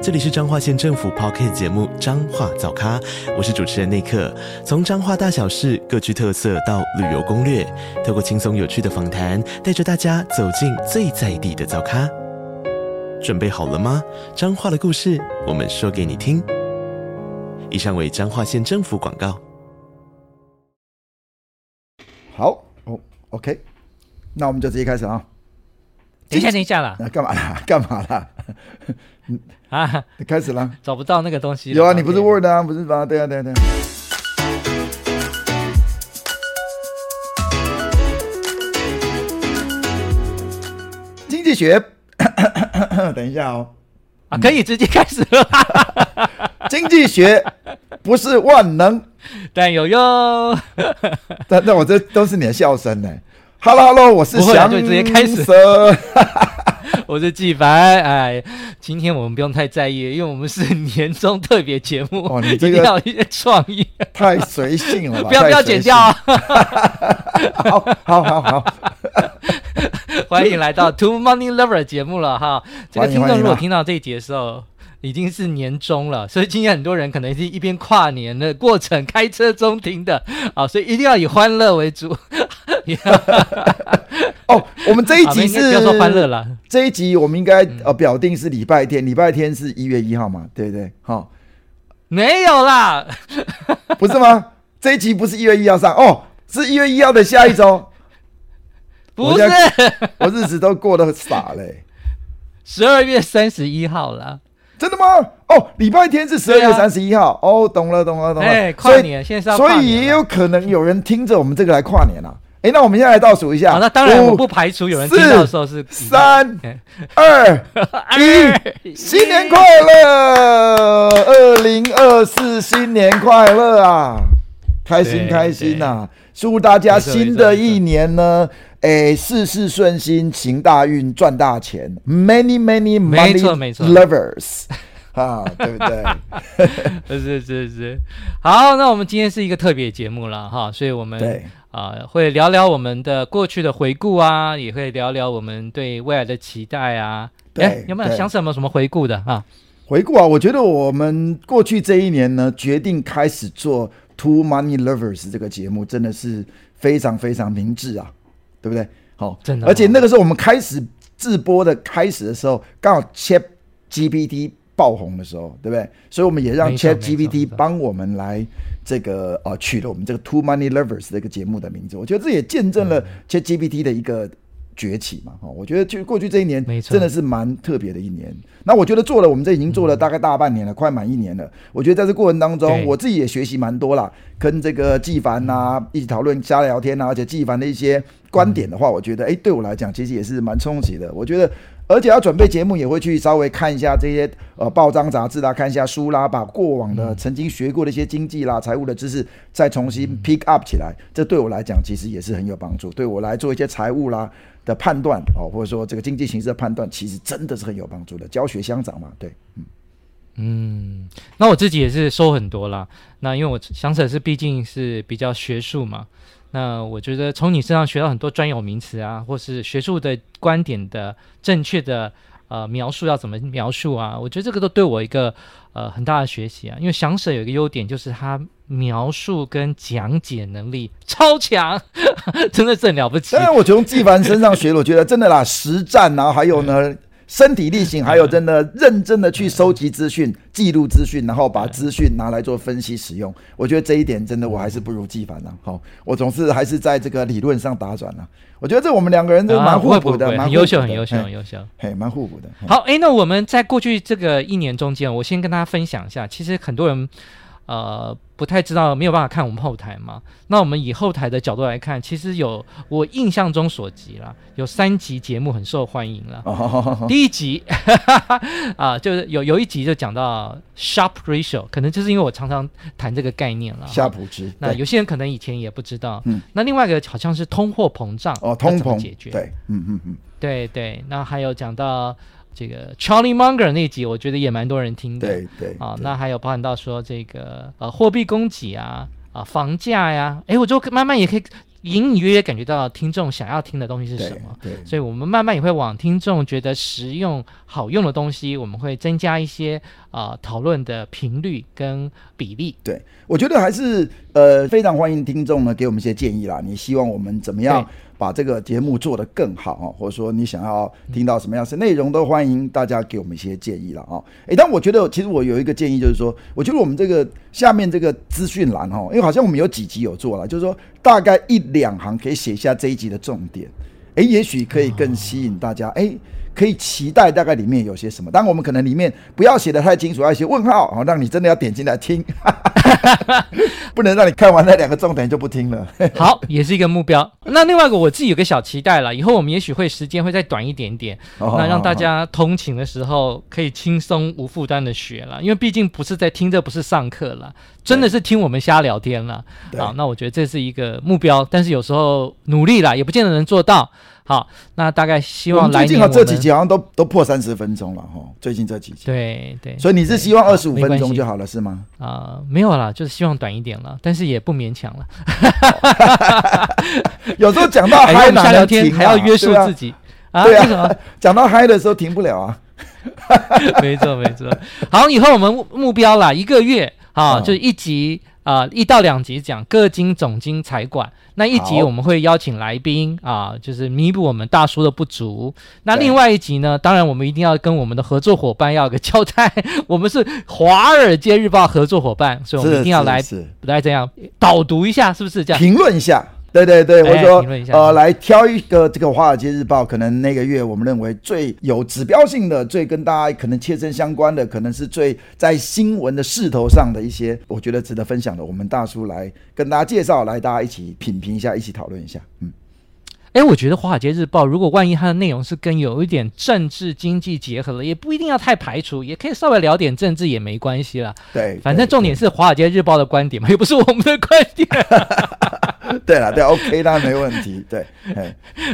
這裡是彰化縣政府 Podcast 節目《彰化早咖》，我是主持人內克。從彰化大小事各具特色到旅遊攻略，透過輕鬆有趣的訪談，帶着大家走進最在地的早咖。準備好了嗎？彰化的故事，我們說給你聽。以上為彰化縣政府廣告。好哦，OK，那我們就直接開始啊、哦。等一下，等一下啦。哎，幹嘛啦？幹嘛啦？ 嗯、啊，開始了！找不到那個東西。有啊，你不是 Word 啊，Okay. 不是吧？對啊，對啊，對啊。對啊 經濟學， 等一下哦、嗯啊，可以直接開始了。 經濟學不是萬能，但有用。那 我這都是你的笑聲呢。Hello Hello，我是翔、不會啊，就直接開始。 我是紀白，哎，今天我們不用太在意，因為我們是年終特別節目哦。你這個要一些創意，太隨性了吧， 不要不要剪掉。好好好好，好好好 歡迎來到《Two Money Lover》節目了哈。這個聽眾如果聽到這一集的時候，已經是年終了，所以今天很多人可能是一邊跨年的過程開車中聽的啊，所以一定要以歡樂為主。 哦，我們這一集是歡樂了。這一集我們應該呃表定是禮拜天，禮、嗯、拜天是一月一號嘛，對不對，對？好，沒有啦，不是嗎？這一集不是一月一號上哦，是一月一號的下一周。不是，我，我日子都過得很傻嘞、欸。十二月三十一號啦，真的嗎？哦，禮拜天是十二月三十一號。啊、哦，懂了，懂了，懂了。欸、跨年，以現在所以也有可能有人聽着我們這個來跨年了、啊。那我們現在來倒數一下。好，那當然，我不排除有人知道說是三二 一，新年快樂，二零二四新年快樂啊！開心開心吶、啊！祝大家新的一年呢，哎，事事順心，行大運，賺大錢，Many many many lovers 啊，對不對？ 不是是是，是。好，那我們今天是一個特別的節目了哈，所以我們對。啊、呃，會聊聊我們的過去的回顧啊，也會聊聊我們對未來的期待啊。對，有沒有想什麼對什麼回顧的啊？回顧啊，我覺得我們過去這一年呢，決定開始做《Two Money Lovers》這個節目，真的是非常非常明智啊，對不對？好、哦，真的、哦。而且那個時候我們開始直播的開始的時候，剛好 Chat GPT 爆紅的時候，對不對？所以我們也讓 Chat 錯 GPT 錯幫我們來。這個啊、呃，取了我們這個 Two Money Lovers 這個節目的名字，我覺得這也見證了 Chat GPT 的一個崛起嘛，哈對。我覺得就過去這一年，真的是蠻特別的一年。錯那我覺得做了，我們這已經做了大概大半年了，嗯、快滿一年了。我覺得在這過程當中，對我自己也學習蠻多了，跟這個紀凡啊一起討論、加聊天啊，而且紀凡的一些觀點的話，嗯、我覺得哎，對我來講其實也是蠻充實的。我覺得。而且要準備節目，也會去稍微看一下這些呃報章雜誌啦，看一下書啦，把過往的曾經學過的一些經濟啦、財務的知識再重新 pick up 起來。這對我來講，其實也是很有幫助。對我來做一些財務啦的判斷哦，或者說這個經濟形勢的判斷，其實真的是很有幫助的。教學相長嘛，對，嗯嗯，那我自己也是收很多啦。那因為我想起來是，畢竟是比較學術嘛。那我覺得從你身上學到很多專有名詞啊，或是學術的觀點的正確的呃描述要怎麼描述啊？我覺得這個都對我一個呃很大的學習啊。因為翔 sir 有一個優點就是他描述跟講解能力超強，呵呵真的是很了不起。當然，我從紀凡身上學， 我覺得真的啦，實戰、啊，然後還有呢。 身體力行，還有真的認真的去收集資訊、嗯、記錄資訊，嗯、然後把資訊拿來做分析使用。嗯、我覺得這一點真的，我還是不如紀凡了、啊。好、嗯哦，我總是還是在這個理論上打轉了、啊。我覺得這我們兩個人都蠻互補的，蠻優秀，很優秀，很優秀，嘿，蠻互補的。好，哎，那我們在過去這個一年中間，我先跟大家分享一下，其實很多人。呃，不太知道，沒有辦法看我們後台嘛。那我們以後台的角度來看，其實有我印象中所及了，有三集節目很受歡迎了。Oh, oh, oh, oh. 第一集 啊，就是有有一集就講到 Sharpe ratio，可能就是因為我常常談這個概念了。夏普值。那有些人可能以前也不知道。對那另外一個好像是通貨膨脹、嗯、哦，通膨解決。對，嗯嗯嗯，對對。那還有講到。這個 Charlie Munger 那集，我覺得也蠻多人聽的。對對啊，呃，那還有包含到說這個呃貨幣供給啊，呃、房價呀、啊，哎，我就慢慢也可以隱隱約約感覺到聽眾想要聽的東西是什麼。對，對，所以我們慢慢也會往聽眾覺得實用好用的東西，我們會增加一些啊，呃、討論的頻率跟比例。對，我覺得還是呃非常歡迎聽眾呢給我們一些建議啦，你希望我們怎麼樣？把這個節目做得更好啊，或者說你想要聽到什麼樣的內容，都歡迎大家給我們一些建議了啊！誒，但我覺得其實我有一個建議，就是說，我覺得我們這個下面這個資訊欄哈，因為好像我們有幾集有做了，就是說大概一兩行可以寫下這一集的重點，誒，也許可以更吸引大家，誒，可以期待大概裡面有些什麼。但我們可能裡面不要寫的太清楚，要一些問號啊，讓你真的要點進來聽。 不能讓你看完那兩個重點就不聽了。 好，也是一個目標。那另外一個，我自己有個小期待了，以後我們也許會時間會再短一點點，oh、那讓大家通勤的時候可以輕鬆無負擔的學了，oh oh 因為畢竟不是在聽，這不是上課了，對真的是聽我們瞎聊天了。對好，那我覺得這是一個目標，但是有時候努力了也不見得能做到。好，那大概希望來最近、啊、這幾集好像都都破三十分鐘了哈，哦，最近這幾集對對，對所以你是希望二十五分鐘就好了、啊、是嗎？啊、呃，沒有啦，就是希望短一點了，但是也不勉強了。 有時候講到嗨、哎，聊天還要約束自己、哎、束自己啊？為、啊啊、什麼 講到嗨的時候停不了啊？ 沒錯沒錯，好，以後我們目標啦，一個月啊，哦、就一集。啊、呃，一到兩集講各經總經財管那一集，我們會邀請來賓好啊，就是彌補我們大叔的不足。那另外一集呢，對當然我們一定要跟我們的合作夥伴要有個交代， 我們是《華爾街日報》合作夥伴，所以我們一定要來來這樣導讀一下，是不是這樣？評論一下。對對對，我說，呃，來挑一個這個《華爾街日報》，可能那個月，我們認為最有指標性的，最跟大家可能切身相關的，可能是最在新聞的勢頭上的一些，我覺得值得分享的，我們大叔來跟大家介紹，來大家一起品評一下，一起討論一下，嗯。哎，我覺得《華爾街日報》如果萬一它的內容是跟有一點政治經濟結合了，也不一定要太排除，也可以稍微聊點政治也沒關係啦。對，反正重點是《華爾街日報》的觀點嘛，又不是我們的觀點。 對啦，對、啊、 ，OK，當然沒問題。對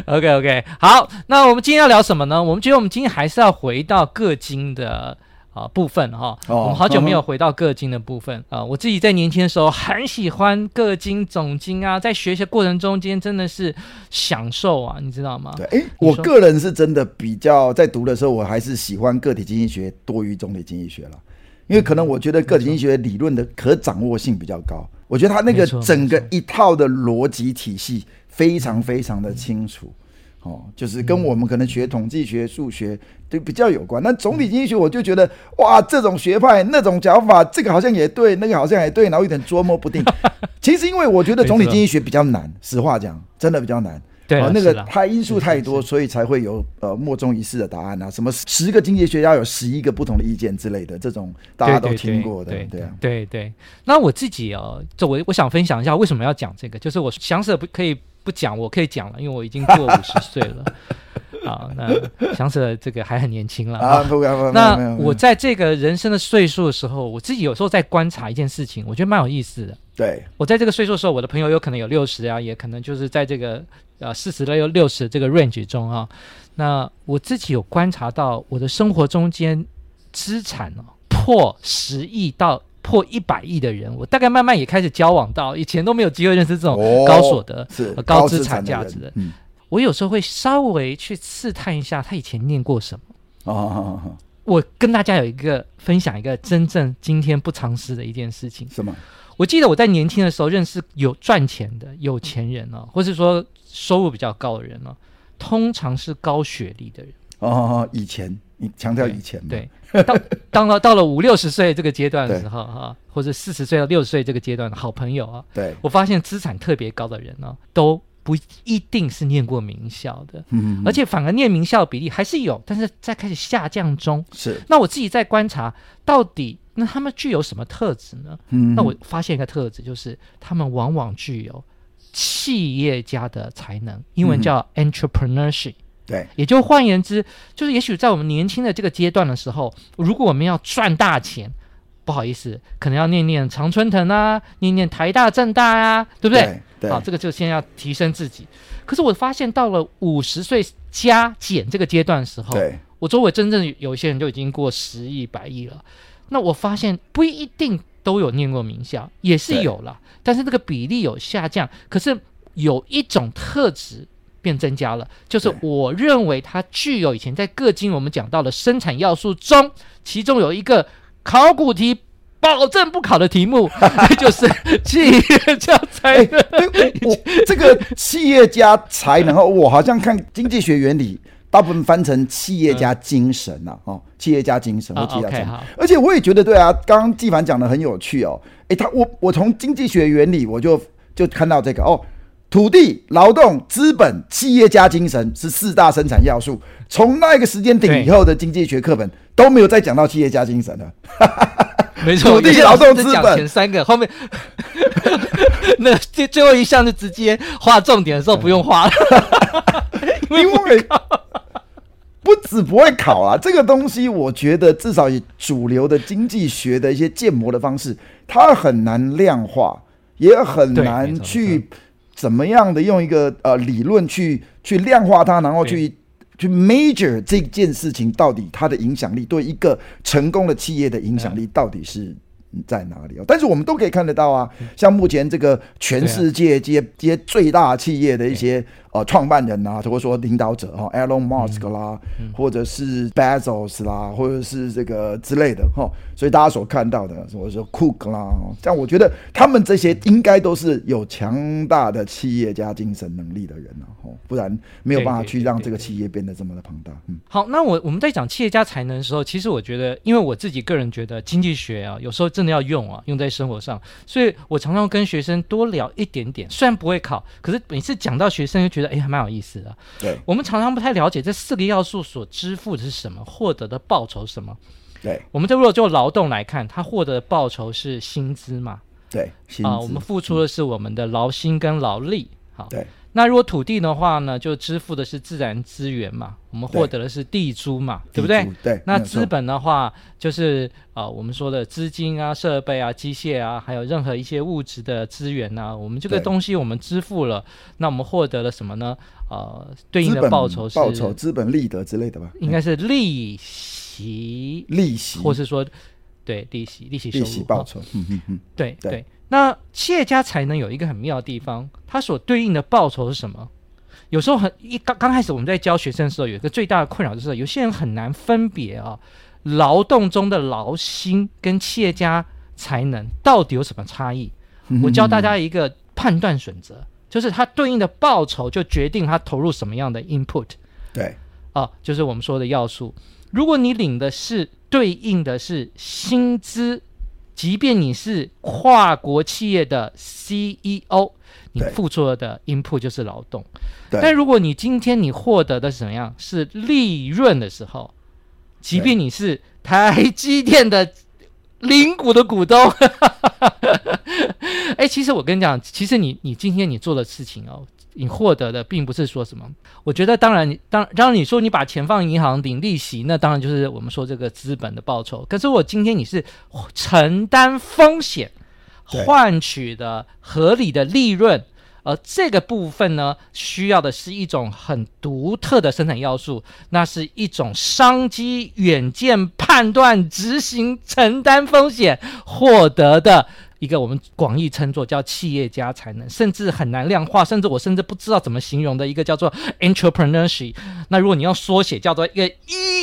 ，OK，OK，、OK，好，那我們今天要聊什麼呢？我們覺得我們今天還是要回到個經的。啊、哦，部分哈，哦哦、我們好久沒有回到個經的部分啊、哦呃。我自己在年輕的時候很喜歡個經、總經啊，在學習的過程中間真的是享受啊，你知道嗎？對，哎、欸，說我個人是真的比較在讀的時候，我還是喜歡個體經濟學多於總體經濟學了，因為可能我覺得個體經濟學理論的可掌握性比較高，嗯、我覺得它那個整個一套的邏輯體系非常非常的清楚。嗯嗯哦，就是跟我們可能學統計學、數學、嗯、都比較有關。那總體經濟學我就覺得，嗯、哇，這種學派、那種講法，這個好像也對，那個好像也對，然後有點捉摸不定。哈哈哈哈，其實因為我覺得總體經濟學比較難，對實話講，真的比較難。對了、呃、那個它因素太多，了所以才會有是是是呃莫衷一是的答案啊，什麼十個經濟學家有十一個不同的意見之類的，這種大家都聽過的。對對對對，那我自己哦，作為我我想分享一下為什麼要講這個，就是我想想不可以。不講，我可以講了，因為我已經過五十歲了。啊， 那想起來，這個還很年輕了 啊！不敢不敢。那我在這個人生的歲數的時候，我自己有時候在觀察一件事情，我覺得蠻有意思的。對，我在這個歲數的時候，我的朋友有可能有六十啊，也可能就是在這個呃四十到六十這個 range 中啊。那我自己有觀察到，我的生活中間資產、啊、破十億到。破一百億的人，我大概慢慢也開始交往到，以前都沒有機會認識這種高所得、高資產價值的。的嗯、我有時候會稍微去試探一下他以前念過什麼。Oh, oh, oh, oh. 我跟大家有一個分享，一個真正今天不嘗試的一件事情。什麼嗎？我記得我在年輕的時候認識有賺錢的有錢人了、哦，或是說收入比較高的人了、哦，通常是高學歷的人。哦，oh, oh, oh, 以前。你強調以前對，當當了到了五六十歲這個階段的時候哈、啊， 對或者四十歲到六十歲這個階段的好朋友啊，對，我發現資產特別高的人呢、啊，都不一定是念過名校的，嗯哼，而且反而念名校的比例還是有，但是在開始下降中是。那我自己在觀察，到底那他們具有什麼特質呢？嗯哼，那我發現一個特質就是，他們往往具有企業家的才能，英文叫 entrepreneurship、嗯。對，也就換言之，就是也許在我們年輕的這個階段的時候，如果我們要賺大錢，不好意思，可能要念念常春藤啊，念念台大、政大啊，對不對？對，好、啊，這個就先要提升自己。可是我發現到了五十歲加減這個階段的時候，對我周圍真正有一些人就已經過十億、百億了。那我發現不一定都有念過名校，也是有了，對但是那個比例有下降。可是有一種特質。變增加了，就是我認為它具有以前在各經我們講到的生產要素中，其中有一個考古題，保證不考的題目， 就是企業家才能、哎。我 這個企業家才能，我好像看經濟學原理大部分翻成企業家精神了、啊、哦，企業家精神或企業家精神。Okay, 好而且我也覺得對啊，剛剛紀凡講得很有趣哦，誒、哎，他我我從經濟學原理我就就看到這個哦。土地、勞動、資本、企業家精神是四大生產要素。從那個時間點以後的經濟學課本都沒有再講到企業家精神了沒錯。沒錯，土地、勞動、資本，前三個， 後面 那最最後一項就直接劃重點的時候不用畫了，對 因為不止不會考啊。這個東西，我覺得至少以主流的經濟學的一些建模的方式，它很難量化，也很難去。怎麼樣的用一個呃理論去去量化它，然後去去 measure 這件事情到底它的影響力對一個成功的企業的影響力到底是在哪裡？哦，但是我們都可以看得到啊，像目前這個全世界這些這些最大企業的一些。呃，創辦人啊，或者說領導者哈、哦、Elon Musk 啦，嗯嗯、或者是 Bezos 啦，或者是這個之類的哈、哦，所以大家所看到的，或者說 Cook 啦，這、哦、樣我覺得他們這些應該都是有強大的企業家精神能力的人啊、哦。不然沒有辦法去讓這個企業變得這麼的龐大。對對對對對嗯，好，那我我們在講企業家才能的時候，其實我覺得，因為我自己個人覺得經濟學啊，有時候真的要用啊，用在生活上，所以我常常跟學生多聊一點點，雖然不會考，可是每次講到學生就覺得。欸、還蠻有意思的，對我們常常不太了解這四個要素所支付的是什麼，獲得的報酬是什麼？對，我們這如果就勞動來看，他獲得的報酬是薪資嘛？對，啊、呃，我們付出的是我們的勞心跟勞力，薪資，好，對。那如果土地的話呢，就支付的是自然資源嘛，我們獲得的是地租嘛，對，對不對？對，那資本的話，就是啊、呃，我們說的資金啊、設備啊、機械啊，還有任何一些物質的資源吶、啊，我們這個東西我們支付了，對那我們獲得了什麼呢？呃，對應的報酬是報酬、資本利得之類的吧？應該是利息。利息、嗯。或是說，對利息、利息、利息，利息報酬。哦、嗯嗯嗯。對對。對那企業家才能有一個很妙的地方，它所對應的報酬是什麼？有時候很一剛剛開始我們在教學生的時候，有一個最大的困擾就是有些人很難分別啊，勞動中的勞心跟企業家才能到底有什麼差異？我教大家一個判斷準則，嗯、哼哼，就是它對應的報酬就決定他投入什麼樣的 input。對，啊，就是我們說的要素。如果你領的是對應的是薪資。即便你是跨國企業的 CEO，你付出的 input 就是勞動。但如果你今天你獲得的是怎麼樣？是利潤的時候，即便你是台積電的零股的股東， 哎，其實我跟你講，其實你你今天你做的事情哦。你獲得的並不是說什麼，我覺得當然，當當然你說你把錢放銀行領利息，那當然就是我們說這個資本的報酬。可是我今天你是承擔風險換取的合理的利潤，而這個部分呢，需要的是一種很獨特的生產要素，那是一種商機、遠見、判斷、執行、承擔風險獲得的。一個我們廣義稱作叫企業家才能，甚至很難量化，甚至我甚至不知道怎麼形容的，一個叫做 Entrepreneurship。那如果你要縮寫叫做一個一、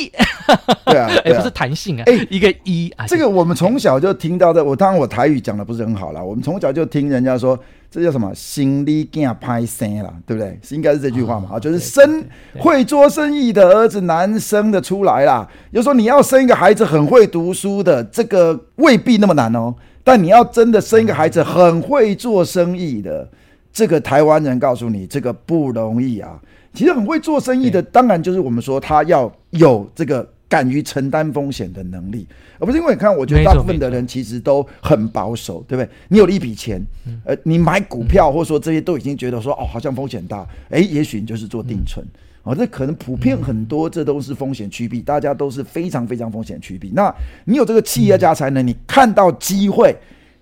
e, 啊，對啊，也、欸、不是彈性啊，欸、一個一、e, 啊是。這個我們從小就聽到的，我當然我台語講的不是很好啦，我們從小就聽人家說，這叫什麼“心理里硬拍生”啦，對不對？應該是這句話嘛啊，哦、就是生、哦、會做生意的兒子，難生的出來啦。又說你要生一個孩子很會讀書的，對這個未必那麼難哦。但你要真的生一個孩子很會做生意的，這個台灣人告訴你，這個不容易啊。其實很會做生意的，當然就是我們說他要有這個敢於承擔風險的能力，而不是因為你看，我覺得大部分的人其實都很保守，對不對？你有了一筆錢，呃，你買股票或者說這些都已經覺得說哦，好像風險大，哎，也許你就是做定存。哦，這可能普遍很多，這都是風險趨避，嗯、大家都是非常非常風險趨避。那你有這個企業家才能，嗯、你看到機會，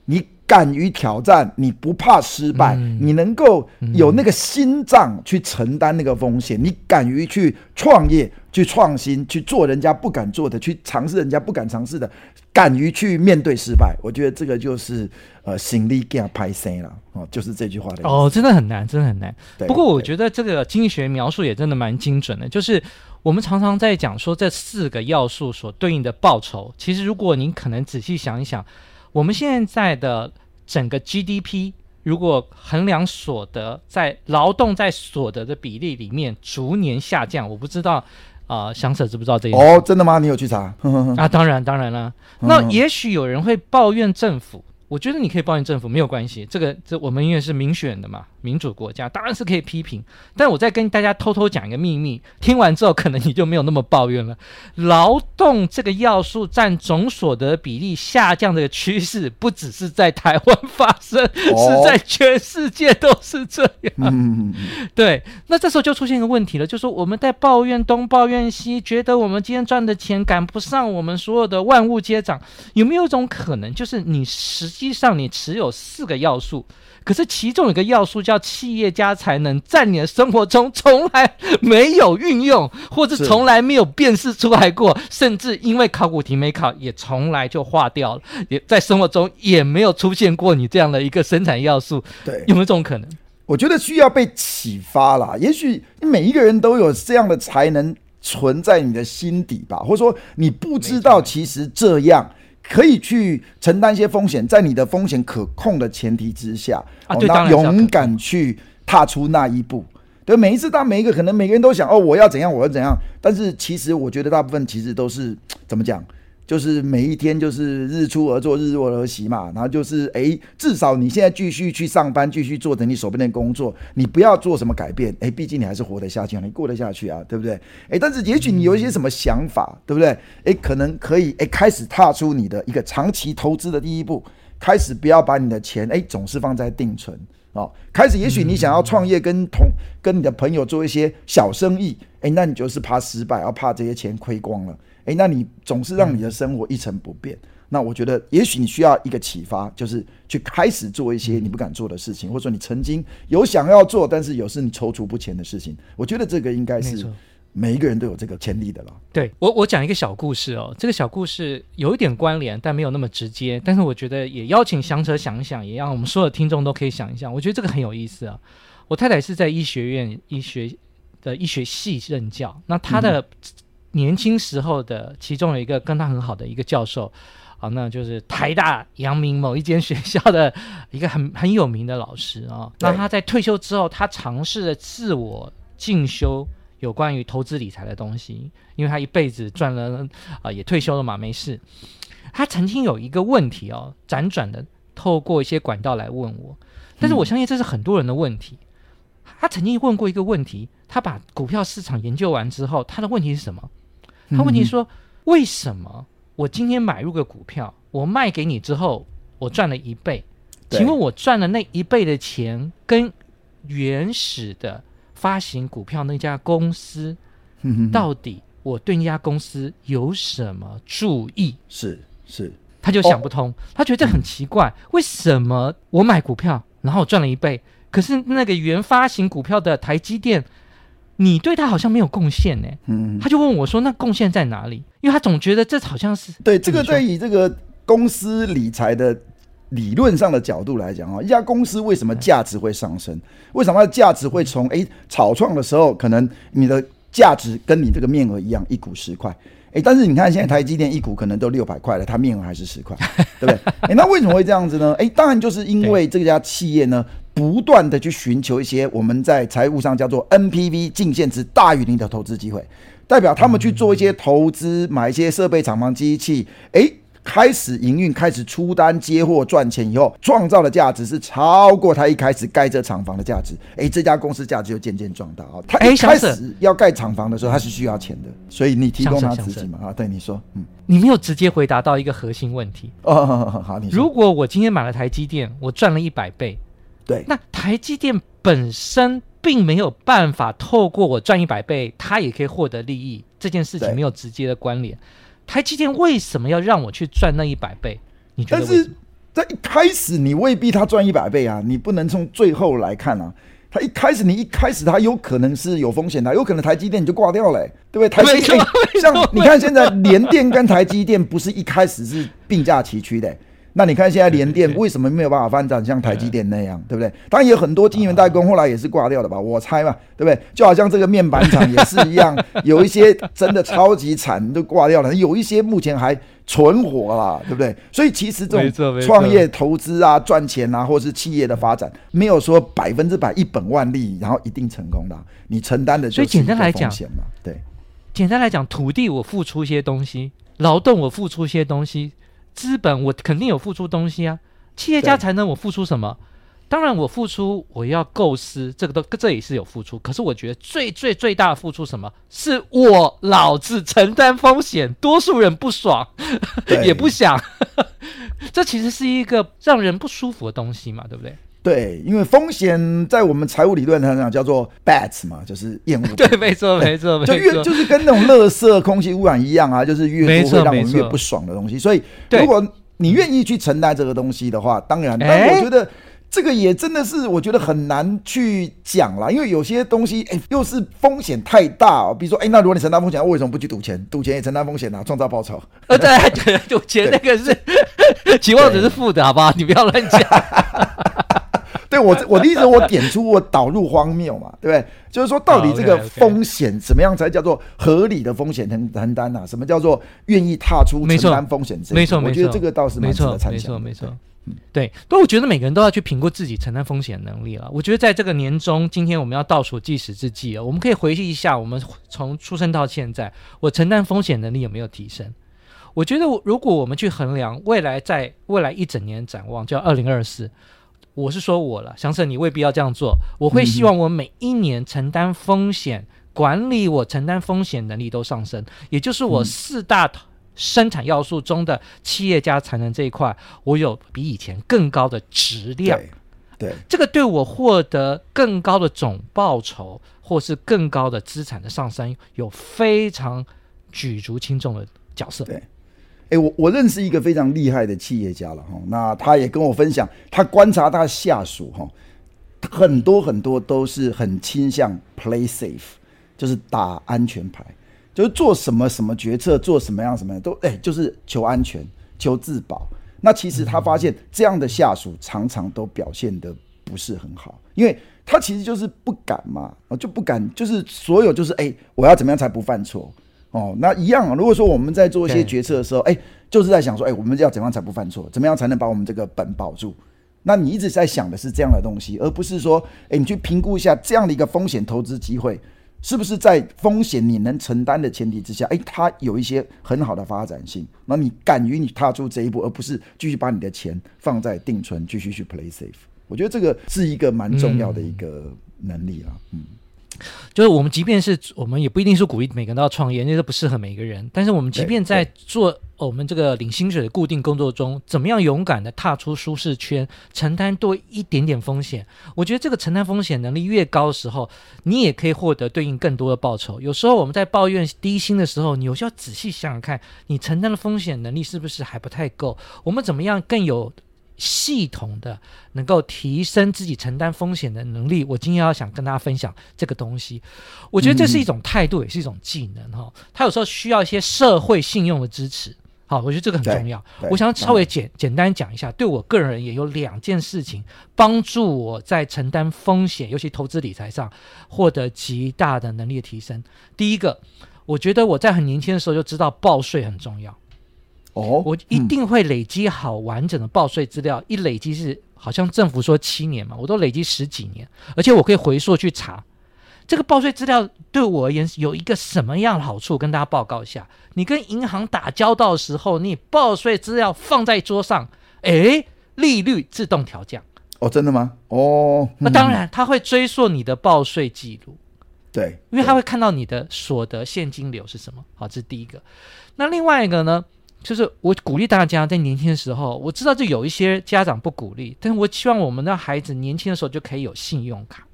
你敢於挑戰，你不怕失敗，嗯、你能夠有那個心臟去承擔那個風險，嗯、你敢於去創業。去創新，去做人家不敢做的，去嘗試人家不敢嘗試的，敢於去面對失敗。我覺得這個就是呃，心力更派生了哦，就是這句話的哦，真的很難，真的很難。對不過我覺得這個經濟學描述也真的蠻精準的，就是我們常常在講說這四個要素所對應的報酬。其實如果您可能仔細想一想，我們現在的整個 GDP 如果衡量所得在勞動在所得的比例裡面逐年下降，我不知道。啊、嗯，翔 sir 知不知道這一點？哦，真的嗎？你有去查？呵呵啊，當然，當然了。那也許有人會抱怨政府，呵呵我覺得你可以抱怨政府，沒有關係。這個，這我們也是民選的嘛。民主國家當然是可以批評，但我再跟大家偷偷講一個秘密，聽完之後可能你就沒有那麼抱怨了。勞動這個要素佔總所得比例下降的趨勢，不只是在台灣發生，哦、是在全世界都是這樣。嗯、對，那這時候就出現一個問題了，就是我們在抱怨東抱怨西，覺得我們今天賺的錢趕不上我們所有的萬物皆漲，有沒有一種可能，就是你實際上你持有四個要素，可是其中有個要素叫，要企業家才能，在你的生活中從來沒有運用，或是從來沒有辨識出來過，是甚至因為考古題沒考，也從來就化掉了，也在生活中也沒有出現過。你這樣的一個生產要素，對，有沒有這種可能？我覺得需要被啟發啦。也許每一個人都有這樣的才能存在你的心底吧，或者說你不知道，其實這樣。可以去承擔一些風險，在你的風險可控的前提之下，啊哦、那勇敢去踏出那一步。啊、對，對，每一次當每一個可能，每個人都想哦，我要怎樣，我要怎樣，但是其實我覺得大部分其實都是怎麼講。就是每一天就是日出而作日落而息嘛，然後就是哎，至少你現在繼續去上班，繼續做着你手邊的工作，你不要做什麼改變，哎，畢竟你還是活得下去，你過得下去啊，對不對？哎，但是也許你有一些什麼想法，對不對？哎，可能可以哎，開始踏出你的一個長期投資的第一步，開始不要把你的錢哎總是放在定存哦，開始也許你想要創業，跟同跟你的朋友做一些小生意，哎，那你就是怕失敗，要怕這些錢虧光了。哎、欸，那你總是讓你的生活一成不變，嗯、那我覺得也許你需要一個啟發，就是去開始做一些你不敢做的事情，嗯、或者說你曾經有想要做，但是有時你躊躇不前的事情。我覺得這個應該是每一個人都有這個潛力的了。沒錯。對我，我講一個小故事哦，這個小故事有一點關聯，但沒有那麼直接。但是我覺得也邀請翔 Sir 想一想，也讓我們所有的聽眾都可以想一想。我覺得這個很有意思啊。我太太是在醫學院醫學的醫學系任教，那她的、嗯。年輕時候的，其中有一個跟他很好的一個教授，啊，那就是台大、陽明某一間學校的一個很很有名的老師啊、哦。對那他在退休之後，他嘗試着自我進修有關於投資理財的東西，因為他一輩子賺了啊、呃，也退休了嘛，沒事。他曾經有一個問題哦，輾轉的透過一些管道來問我，但是我相信這是很多人的問題。嗯。他曾經問過一個問題，他把股票市場研究完之後，他的問題是什麼？他問題說：“為什麼我今天買入個股票，我賣給你之後，我賺了一倍？請問我賺了那一倍的錢，跟原始的發行股票那家公司，到底我對那家公司有什麼注意？是是，是他就想不通，哦、他覺得這很奇怪，嗯、為什麼我買股票，然後我賺了一倍，可是那個原發行股票的台積電。”你對他好像沒有貢獻呢，嗯，嗯，他就問我說：“那貢獻在哪裡？”因為他總覺得這好像是對這個，在以這個公司理財的理論上的角度來講啊，一家公司為什麼價值會上升？為什麼價值會從誒草創的時候，可能你的價值跟你這個面額一樣，一股十塊，誒、欸。但是你看現在台積電一股可能都六百塊了，它面額還是十塊， 對不對、欸？那為什麼會這樣子呢？誒、欸，當然就是因為這家企業呢。不斷的去尋求一些我們在財務上叫做 NPV 淨現值大於零的投資機會，代表他們去做一些投資，買一些設備、廠房、機器，哎、欸，開始營運，開始出單接貨賺錢以後，創造的價值是超過他一開始蓋這廠房的價值，哎、欸，這家公司價值就漸漸壯大啊、哦。他一開始要蓋廠房的時候，他是需要錢的，所以你提供他資金嘛。啊，對你說，嗯，你沒有直接回答到一個核心問題哦呵呵。好，你說，如果我今天買了台積電，我賺了一百倍。對，那台積電本身並沒有辦法透過我賺一百倍，它也可以獲得利益，這件事情沒有直接的關聯。對台積電為什麼要讓我去賺那一百倍？你覺得？但是在一開始，你未必他賺一百倍啊，你不能從最後來看啊。他一開始，你一開始，他有可能是有風險的，有可能台積電你就掛掉了，對不對？台積電像你看，現在聯電跟台積電不是一開始是並駕齊驅的。那你看現在聯電為什麼沒有辦法發展像台積電那樣，嗯、對不對？當然有很多晶圓代工後來也是掛掉的吧，嗯、我猜嘛，對不對？就好像這個面板廠也是一樣， 有一些真的超級慘都掛掉了，有一些目前還存活啦，對不對？所以其實這種創業投資啊、賺錢啊，或是企業的發展，沒，沒，沒有說百分之百一本萬利，然後一定成功的、啊，你承擔的就是一個風險嘛，所以簡單來講。對，對簡單來講，土地我付出些東西，勞動我付出些東西。資本我肯定有付出東西啊，企業家才能我付出什麼？對當然我付出我要構思，這個都這也是有付出。可是我覺得最最最大的付出什麼？是我老子承擔風險，多數人不爽對也不想， 這其實是一個讓人不舒服的東西嘛，對不對？對，因為風險在我們財務理論上講叫做 bats 嘛，就是厭惡。對，沒錯，沒錯，就越就是跟那種垃圾空氣污染一樣啊，就是越不會讓我們越不爽的東西。所以，如果你願意去承擔這個東西的話，當然。但我覺得這個也真的是，我覺得很難去講啦，因為有些東西，哎，又是風險太大。比如說，哎，那如果你承擔風險，我為什麼不去賭錢？賭錢也承擔風險啊，創造報酬。呃，對，賭錢那個是期望值是負的，好不好？你不要亂講。對，我我的意思，我點出我導入荒謬嘛， 對不對？就是說，到底這個風險怎麼樣才叫做合理的風險承承擔啊，okay, okay 什麼叫做願意踏出承擔風險？沒錯錯，沒錯，我覺得這個倒是沒錯。沒錯，沒錯，對,嗯、對。但我覺得每個人都要去評估自己承擔風險能力了、啊。我覺得在這個年終，今天我們要倒數計時之際啊，我們可以回憶一下，我們從出生到現在，我承擔風險能力有沒有提升？我覺得，如果我們去衡量未來，在未來一整年展望，叫二零二四。我是說我了，祥盛，你未必要這樣做。我會希望我每一年承擔風險、嗯、管理，我承擔風險能力都上升，也就是我四大生產要素中的企業家才能這一塊，我有比以前更高的質量。對。對，這個對我獲得更高的總報酬，或是更高的資產的上升，有非常舉足輕重的角色。對。哎，我我認識一個非常厲害的企業家了哈，那他也跟我分享，他觀察他的下屬哈，很多很多都是很傾向 play safe，就是打安全牌，就是做什麼什麼決策，做什麼樣什麼樣都哎，就是求安全、求自保。那其實他發現這樣的下屬常常都表現得不是很好，因為他其實就是不敢嘛，就不敢，就是所有就是哎，我要怎麼樣才不犯錯？哦，那一樣啊。如果說我們在做一些決策的時候，哎 Okay.、欸，就是在想說，哎、欸，我們要怎樣才不犯錯？怎麼樣才能把我們這個本保住？那你一直在想的是這樣的東西，而不是說，哎、欸，你去評估一下這樣的一個風險投資機會，是不是在風險你能承擔的前提之下，哎、欸，它有一些很好的發展性，那你敢於你踏出這一步，而不是繼續把你的錢放在定存，繼續去 play safe。我覺得這個是一個蠻重要的一個能力啊，嗯。嗯就是我們，即便是我們，也不一定是鼓勵每個人都要創業，因為這不適合每一個人。但是我們即便在做我們這個領薪水的固定工作中，怎麼樣勇敢地踏出舒適圈，承擔多一點點風險？我覺得這個承擔風險能力越高的時候，你也可以獲得對應更多的報酬。有時候我們在抱怨低薪的時候，你有需要仔細想想看，你承擔的風險能力是不是還不太夠？我們怎麼樣更有？系統的能夠提升自己承擔風險的能力，我今天要想跟大家分享這個東西。我覺得這是一種態度，嗯、也是一種技能哈。它有時候需要一些社會信用的支持。好，我覺得這個很重要。我想稍微簡簡單講一下，嗯、對我個人也有兩件事情幫助我在承擔風險，尤其投資理財上獲得極大的能力的提升。第一個，我覺得我在很年輕的時候就知道報稅很重要。哦，我一定會累積好完整的報稅資料。哦嗯、一累積是好像政府說七年嘛，我都累積十幾年，而且我可以回溯去查這個報稅資料。對我而言有一個什麼樣的好處？跟大家報告一下。你跟銀行打交道的時候，你報稅資料放在桌上，哎、欸，利率自動調降。哦，真的嗎？哦，那、嗯、當然，他會追溯你的報稅記錄。對，因為他會看到你的所得現金流是什麼。好，這是第一個。那另外一個呢？就是我鼓勵大家在年輕的時候，我知道就有一些家長不鼓勵，但是我希望我們的孩子年輕的時候就可以有信用卡。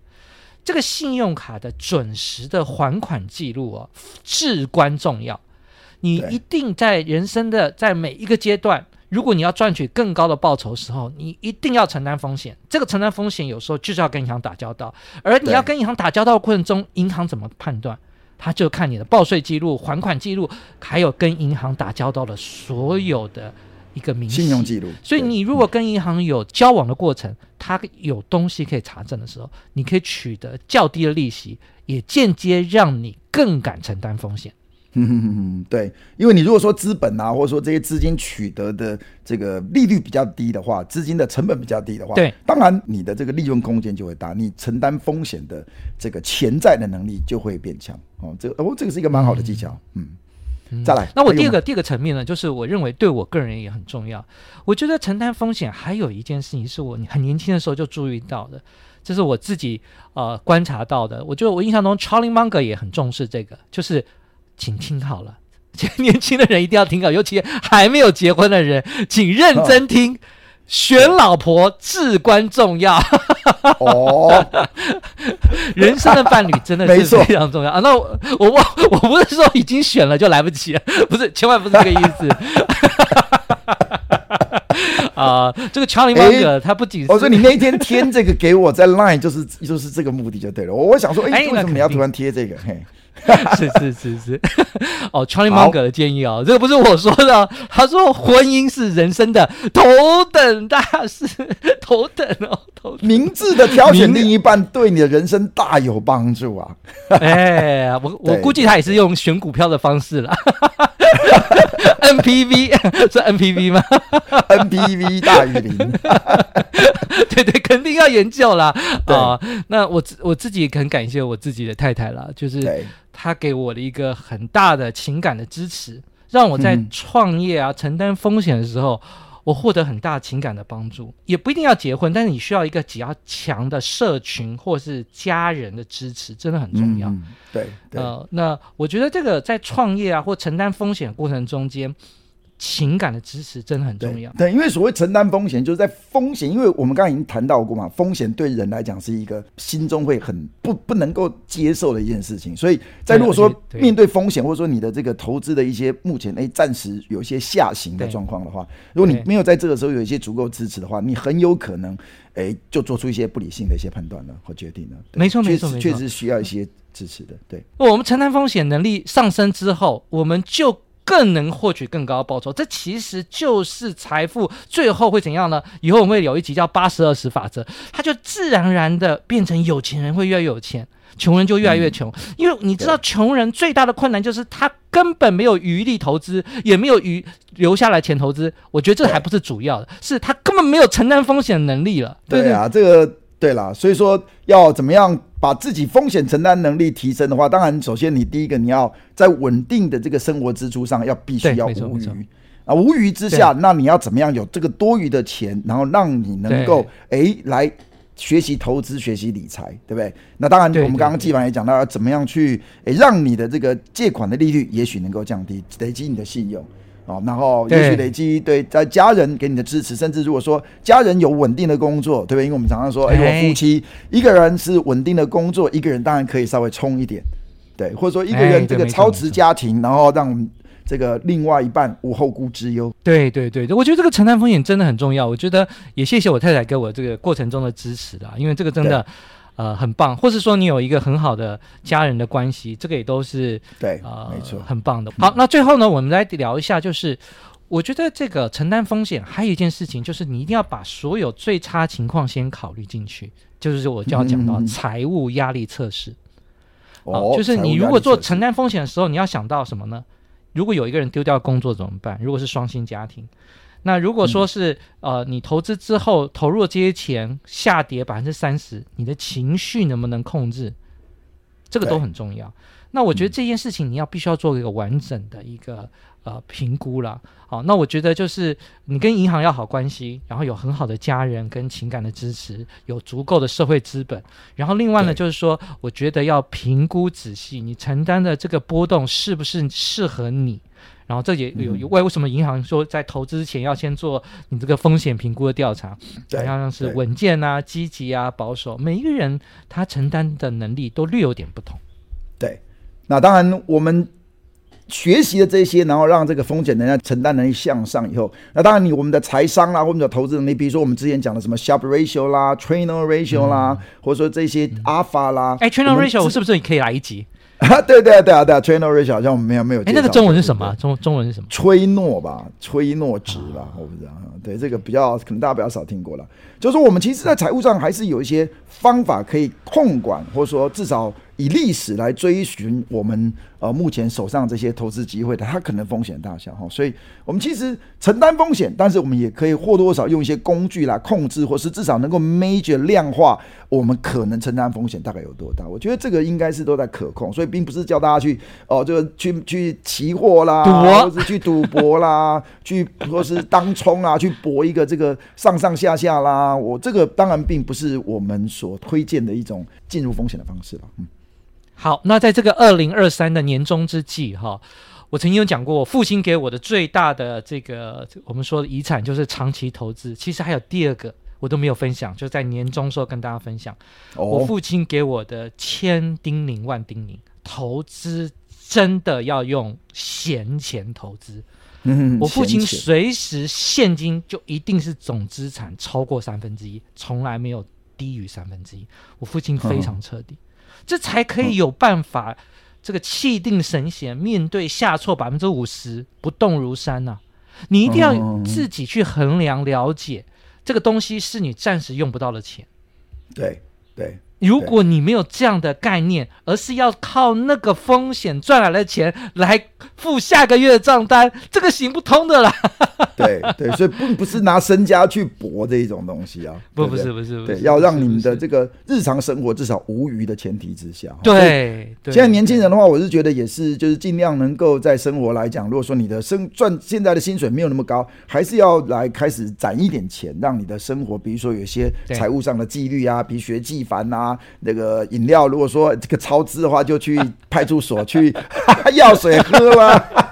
這個信用卡的準時的還款記錄哦，至關重要。你一定在人生的在每一個階段，對如果你要賺取更高的報酬的時候，你一定要承擔風險。這個承擔風險有時候就是要跟銀行打交道，而你要跟銀行打交道的過程中，對銀行怎麼判斷？他就看你的報稅記錄、還款記錄，還有跟銀行打交道的所有的一個明細、信用記錄。所以，你如果跟銀行有交往的過程，對他有東西可以查證的時候，你可以取得較低的利息，也間接讓你更敢承擔風險。嗯嗯嗯，對，因為你如果說資本啊，或者說這些資金取得的這個利率比較低的話，資金的成本比較低的話，對，當然你的這個利潤空間就會大，你承擔風險的這個潛在的能力就會變強。哦，這哦，這個是一個蠻好的技巧，嗯，嗯嗯再來。那我第二個、哎、呦第二個層面呢，就是我認為對我個人也很重要。我覺得承擔風險還有一件事情是我很年輕的時候就注意到的，這是我自己呃觀察到的。我覺得我印象中 Charlie Munger 也很重視這個，就是。請聽好了，年輕的人一定要聽好，尤其還沒有結婚的人，請認真聽，哦、選老婆至關重要。哦， 人生的伴侶真的是非常重要錯啊。那我我我不是說已經選了就來不及了，不是，千萬不是這個意思。啊、 呃，這個 Charlie b e r、欸、他不僅是我說你那天貼這個給我在 Line， 就是就是這個目的就對了。我想說，哎、欸，為什麼你要突然貼這個？哎、嘿。 是是是是，哦，Charlie Munger 的建議哦，好這個不是我說的、哦，他說婚姻是人生的頭等大事，頭等哦，頭等。明智的挑選另一半對你的人生大有幫助啊。 哎，我我估計他也是用選股票的方式了，NPV 是 NPV 嗎？NPV 大於零， 對對，肯定要研究啦。啊對、哦。那我自我自己很感謝我自己的太太啦，就是。他給我的一個很大的情感的支持，讓我在創業啊、承擔風險的時候，我獲得很大情感的幫助。也不一定要結婚，但是你需要一個比較強的社群或是家人的支持，真的很重要。嗯、對，對，呃，那我覺得這個在創業啊或承擔風險過程中間。情感的支持真的很重要對。對，因為所謂承擔風險，就是在風險，因為我們剛才已經談到過嘛，風險對人來講是一個心中會很不不能夠接受的一件事情。所以在如果說對對對面對風險，或者說你的這個投資的一些目前誒暫時有一些下行的狀況的話，如果你沒有在這個時候有一些足夠支持的話，你很有可能誒就做出一些不理性的一些判斷了和決定了。沒錯，沒錯，確，確實需要一些支持的。對，我們承擔風險能力上升之後，我們就更能獲取更高的報酬，這其實就是財富最後會怎樣呢？以後我們會有一集叫“八十二十法則”，它就自然而然的變成有錢人會越來越有錢，窮人就越來越窮。嗯、因為你知道，窮人最大的困難就是他根本沒有餘力投資，對也沒有餘留下來錢投資。我覺得這還不是主要的，對是他根本沒有承擔風險的能力了。對啊，對對這個。對了，所以說要怎麼樣把自己風險承擔能力提升的話，當然首先你第一個你要在穩定的這個生活支出上要必須要無餘啊，無餘之下，對那你要怎麼樣有這個多餘的錢，然後讓你能夠哎對來學習投資、學習理財，對不對？那當然我們剛剛紀凡也講到，要怎麼樣去哎讓你的這個借款的利率也許能夠降低，累積你的信用。哦，然後繼續累積對,對，在家人給你的支持，甚至如果說家人有穩定的工作，對不對？因為我們常常說，哎對，我誒夫妻一個人是穩定的工作，一個人當然可以稍微衝一點，對，或者說一個人這個操持家庭，然後讓我們這個另外一半無後顧之憂。對對對，我覺得這個承擔風險真的很重要。我覺得也謝謝我太太給我這個過程中的支持啊，因為這個真的。呃，很棒，或是說你有一個很好的家人的關係，這個也都是對啊，呃、沒錯，很棒的。好，那最後呢，我們來聊一下，就是、嗯、我覺得這個承擔風險還有一件事情，就是你一定要把所有最差情況先考慮進去，就是我就要講到財務壓力測試。就是你如果做承擔風險的時候，哦、你要想到什麼呢？如果有一個人丟掉工作怎麼辦？如果是雙薪家庭？那如果說是、嗯、呃，你投資之後投入這些錢下跌百分之三十，你的情緒能不能控制？這個都很重要。對那我覺得這件事情你要必須要做一個完整的一個、嗯、呃評估了。好，那我覺得就是你跟銀行要好關係，然後有很好的家人跟情感的支持，有足夠的社會資本。然後另外呢，對就是說，我覺得要評估仔細，你承擔的這個波動是不是適合你。然後這也有有，為為什麼銀行說在投資之前要先做你這個風險評估的調查？好像是穩健啊、積極啊、保守，每一個人他承擔的能力都略有點不同。對，那當然我們學習了這些，然後讓這個風險能量承擔能力向上以後，那當然你我們的財商啦，或者我們的投資能力，比如說我們之前講的什麼 Sharpe Ratio 啦、Treynor Ratio 啦，嗯、或者說這些 Alpha 啦，哎 Treynor Ratio 是不是你可以來一集？啊， 對對對啊對啊，吹諾瑞小將，我們沒有沒有哎，那個中文是什麼、啊？中中文是什麼？吹諾吧，吹諾值吧，啊、我不知道。對，這個比較可能大家比較少聽過了。就是說，我們其實，在財務上還是有一些方法可以控管，或者說至少以歷史來追尋我們。呃，目前手上這些投資機會的，它可能風險大小哈，所以我們其實承擔風險，但是我們也可以或多或少用一些工具來控制，或是至少能夠 major 量化我們可能承擔風險大概有多大。我覺得這個應該是都在可控，所以並不是叫大家去哦，這、呃、個去去期貨啦，啊、或是去賭博啦， 去或是當沖啊，去搏一個這個上上下下啦。我這個當然並不是我們所推薦的一種進入風險的方式了，嗯。好，那在這個二零二三的年終之際，哈、哦，我曾經有講過，我父親給我的最大的這個我們說的遺產就是長期投資。其實還有第二個，我都沒有分享，就在年終時候跟大家分享。哦、我父親給我的千叮嚀萬叮嚀，投資真的要用閒錢投資。嗯、我父親隨時現金就一定是總資產超過三分之一，從來沒有低於三分之一。我父親非常徹底。嗯這才可以有辦法，這個氣定神閒面對下挫百分之五十不動如山吶、啊！你一定要自己去衡量了解，這個東西是你暫時用不到的錢。對、嗯、對，對對，如果你沒有這樣的概念，而是要靠那個風險賺來的錢來付下個月的賬單，這個行不通的啦。 對對，所以並不，不是拿身家去搏這一種東西啊，不不是不是，不是對，不是要讓你們的這個日常生活至少無虞的前提之下。對，以對現在年輕人的話，我是覺得也是，就是盡量能夠在生活來講，如果說你的生賺現在的薪水沒有那麼高，還是要來開始攢一點錢，讓你的生活，比如說有些財務上的紀律啊，對比如學紀凡啊，那個飲料，如果說這個超支的話，就去派出所去要 水喝吧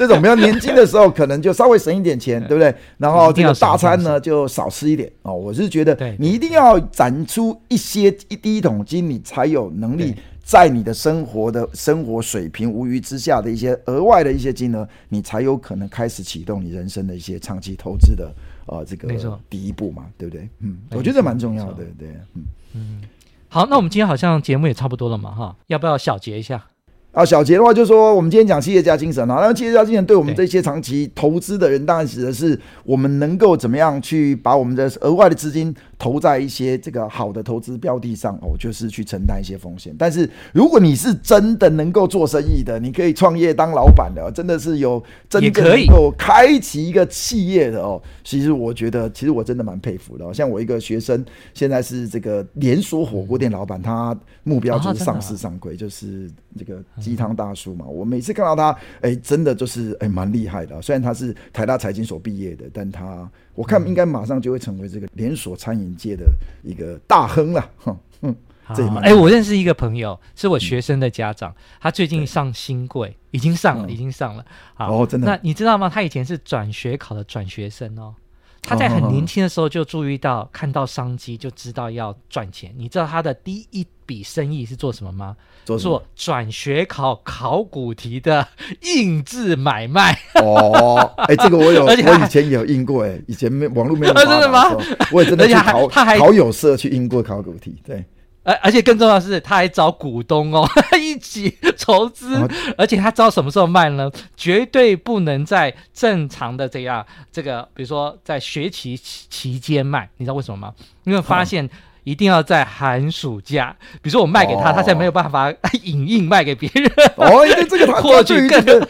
這種比較年輕的時候，可能就稍微省一點錢， 對不對？然後這個大餐呢，就少吃一點哦。我是覺得，你一定要攢出一些一第一桶金，你才有能力在你的生活的生活水平無餘之下的一些額外的一些金額，你才有可能開始啟動你人生的一些長期投資的啊、呃。這個沒錯，第一步嘛，對不對？嗯，我覺得這蠻重要的，對，嗯嗯。好，那我們今天好像節目也差不多了嘛，哈，要不要小結一下？啊，小杰的話就是說，我們今天講企業家精神啊，那企業家精神對我們這些長期投資的人，當然指的是我們能夠怎麼樣去把我們的額外的資金投在一些這個好的投資標的上哦，就是去承擔一些風險。但是如果你是真的能夠做生意的，你可以創業當老板的、哦，真的是有真的能夠開啟一個企業的哦。其實我覺得，其實我真的蠻佩服的、哦。像我一個學生，現在是這個連鎖火鍋店老板，他目標就是上市上櫃，啊、就是這個。雞湯大叔嘛，我每次看到他，哎，真的就是哎，蠻厲害的、啊。雖然他是台大財經所畢業的，但他我看應該馬上就會成為這個連鎖餐飲界的一個大亨了。哎、嗯好，這也蠻厲害的，我認識一個朋友，是我學生的家長，嗯、他最近上興櫃，嗯、已經上了，嗯、已經上了。好哦，真的。那你知道嗎？他以前是轉學考的轉學生哦。他在很年輕的時候就注意到，看到商機，就知道要賺錢。你知道他的第一筆生意是做什麼嗎？做轉學考考古題的印製買賣，嗯。哦，哎、欸，這個我有，我以前有印過，欸，哎，以前沒網絡沒有、啊。真的嗎？我也真的是還好有色去印過考古題，對。而、而且更重要的是，他還找股東哦一起籌資，而且他知道什麼時候賣呢？絕對不能在正常的這樣這個，比如說在學期期間賣，你知道為什麼嗎？因為發現一定要在寒暑假，嗯、比如說我賣給他，哦、他才沒有辦法影印賣給別人。哦，因為這個他過去、這個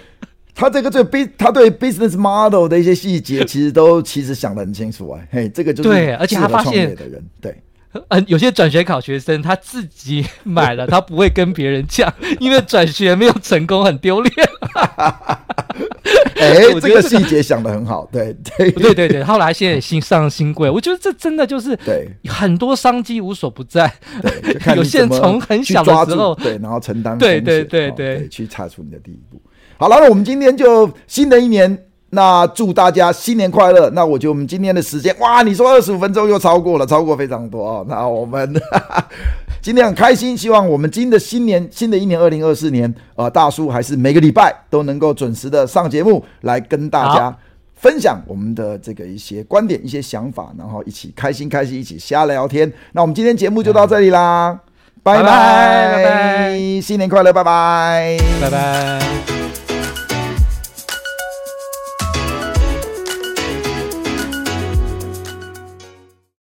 他這個最 b 他對 business model 的一些細節，其實都其實想得很清楚啊、欸。 嘿，這個就是適合創業的人對。而且他發現對。嗯、呃，有些轉學考學生他自己買了，他不會跟別人講，對 因為轉學沒有成功很丟臉。哎 欸、 這個細節想得很好，對對對對對，對，對。後來現在也新上新貴，我覺得這真的就是對，很多商機無所不在。對，有些人從 很小的時候，對，然後承擔。對對對對，對去踏出你的第一步。好了，那我們今天就新的一年。那祝大家新年快樂！那我覺得我們今天的時間，哇，你說二十五分鐘又超過了，超過非常多哦，那我們，哈哈，今天很開心，希望我們今的新年，新的一年，二零二四年，呃，大叔還是每個禮拜都能夠準時的上節目，來跟大家分享我們的這個一些觀點、一些想法，然後一起開心開心，一起瞎聊天。那我們今天節目就到這裡啦，嗯，拜拜，拜拜，新年快樂，拜拜，拜拜。